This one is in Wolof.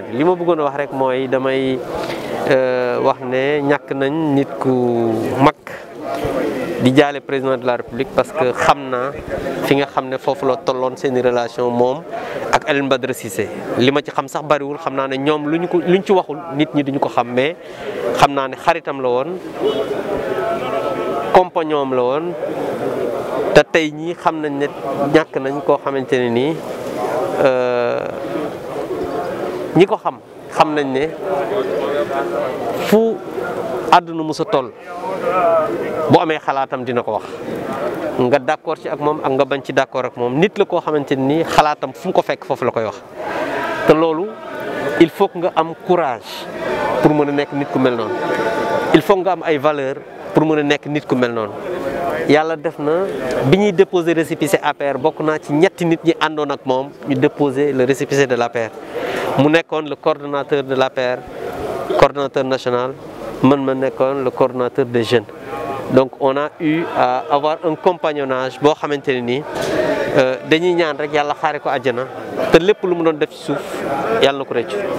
li ma bëggoon wax rek mooy damay euh, wax ne ñàkk nañ nit ku mag di jaale président de la république parce que xam naa fi nga xam ne foofu la tolloon seeni relation moom ak Alioune Badara Cissé li ma ci xam sax bariwul xam naa ne ñoom luñ ko luñ ci waxul nit ñi duñu ko xam mais xam naa ne xaritam la woon compagnon am la woon te tey ñi xam nañ ne ñàkk nañ koo xamante ne nii. Euh, ñi ko xam xam nañ ne fu àdduna sa tool bu amee xalaatam dina ko wax nga d'accord ci ak moom ak nga bañ ci d'accord ak moom nit la koo xamante ni xalaatam fu mu ko fekk foofu la koy wax te loolu il faut nga am courage pour mën a nekk nit ku mel noonu il faut nga am ay valeur pour mën a nekk nit ku mel noonu yàlla def na bi ñuy déposer récépissé APR bokk naa ci ñetti nit ñi àndoon ak moom ñu déposer le récépissé de l'APR mu nekkoon le coordonnateur de l'APR coordonnateur national man ma nekkoon le coordonnateur des jeunes donc on a eu à avoir un compagnonnage boo xamante ne nii euh, dañuy ñaan rek yàlla xaare ko àjjana te lépp lu mu doon def ci suuf yàlla na ko rëccu